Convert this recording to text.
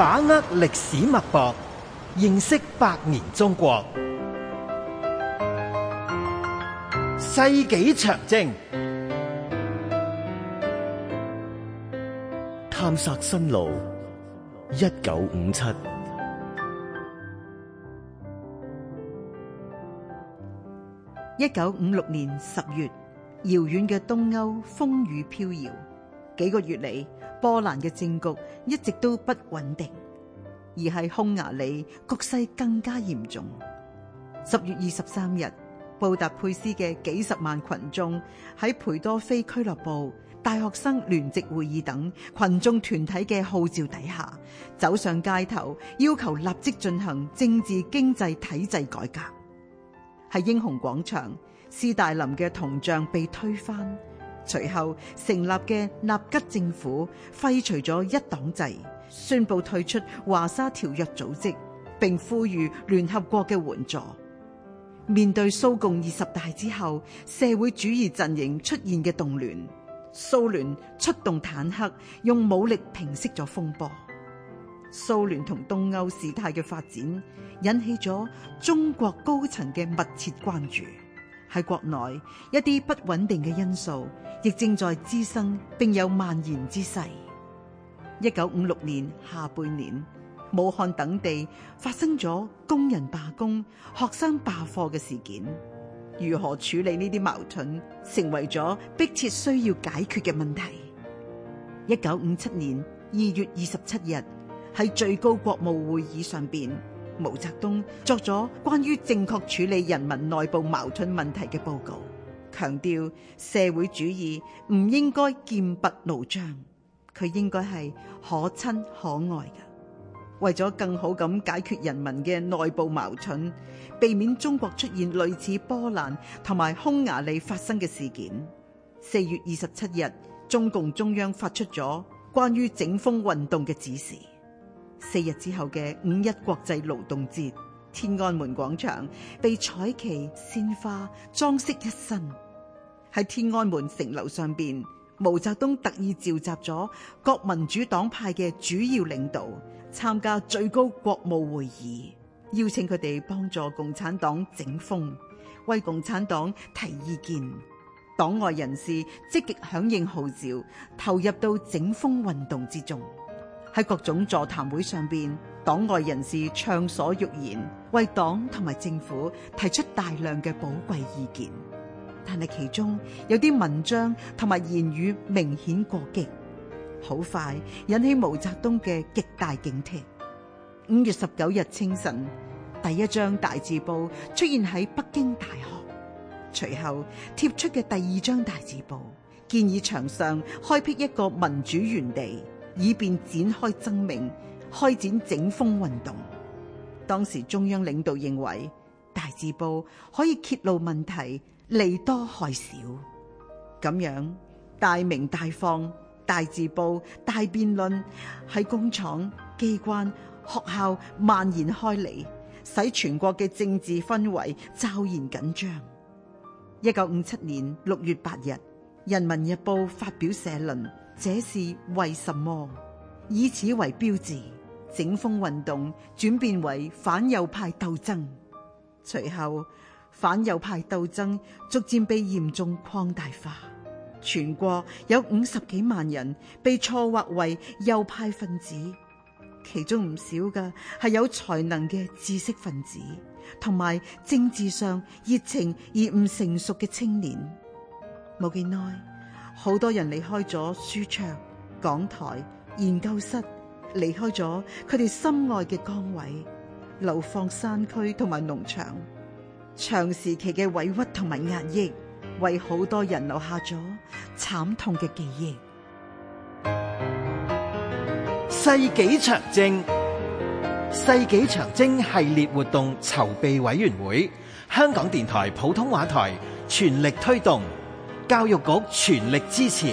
把握歷史脈搏，認識百年中國。世紀長征，探索新路。一九五七。一九五六年十月，遙遠嘅東歐風雨飄搖。幾個月嚟，波蘭嘅政局一直都不穩定，而係匈牙利局勢更加嚴重。十月二十三日，布達佩斯嘅幾十萬群眾喺裴多菲俱樂部、大學生聯席會議等群眾團體嘅號召底下，走上街頭，要求立即進行政治經濟體制改革。喺英雄廣場，斯大林嘅銅像被推翻。隨後成立嘅納吉政府廢除咗一黨制，宣布退出華沙條約組織，並呼籲聯合國嘅援助。面對蘇共二十大之後社會主義陣營出現嘅動亂，蘇聯出動坦克，用武力平息咗風波。蘇聯同東歐事態嘅發展引起咗中國高層嘅密切關注。喺國內一啲不穩定嘅因素，亦正在滋生，並有蔓延之勢。一九五六年下半年，武漢等地發生咗工人罷工、學生罷課嘅事件。如何處理呢啲矛盾，成為咗迫切需要解決嘅問題。一九五七年二月二十七日，喺最高國務會議上邊，毛澤東作咗關於正確處理人民內部矛盾問題嘅報告，強調社會主義唔應該劍拔弩張，佢應該係可親可愛嘅。為咗更好咁解決人民嘅內部矛盾，避免中國出現類似波蘭同埋匈牙利發生嘅事件，四月二十七日，中共中央發出咗關於整風運動嘅指示。四日之後嘅五一國際勞動節，天安門廣場被彩旗鮮花裝飾一新。喺天安門城樓上邊，毛澤東特意召集咗各民主黨派嘅主要領導參加最高國務會議，邀請佢哋幫助共產黨整風，為共產黨提意見。黨外人士積極響應號召，投入到整風運動之中。喺各種座談會上邊，黨外人士暢所欲言，為黨同埋政府提出大量嘅寶貴意見。但係其中有啲文章同埋言語明顯過激，好快引起毛澤東嘅極大警惕。五月十九日清晨，第一張大字報出現喺北京大學，隨後貼出嘅第二張大字報建議牆上開闢一個民主園地。以便展開爭鳴，開展整風運動。當時中央領導認為大字報可以揭露問題，利多害少。咁樣，大鳴大放、大字報、大辯論喺工廠、機關、學校蔓延開嚟，使全國嘅政治氛圍驟然緊張。一九五七年六月八日，《人民日報》發表社論。這是為什麼？以此為標誌，整風運動轉變為反右派鬥爭。隨後，反右派鬥爭逐漸被嚴重擴大化，全國有五十幾萬人被錯劃為右派分子，其中唔少嘅係有才能嘅知識分子，同埋政治上熱情而唔成熟嘅青年。冇幾耐。好多人離開咗書桌、講臺、研究室，離開咗佢哋心愛嘅崗位，流放山區同埋農場，長時期嘅委屈同埋壓抑，為好多人留下咗慘痛嘅記憶。世紀長征、世紀長征系列活動籌備委員會，香港電台普通話台全力推動。教育局全力支持。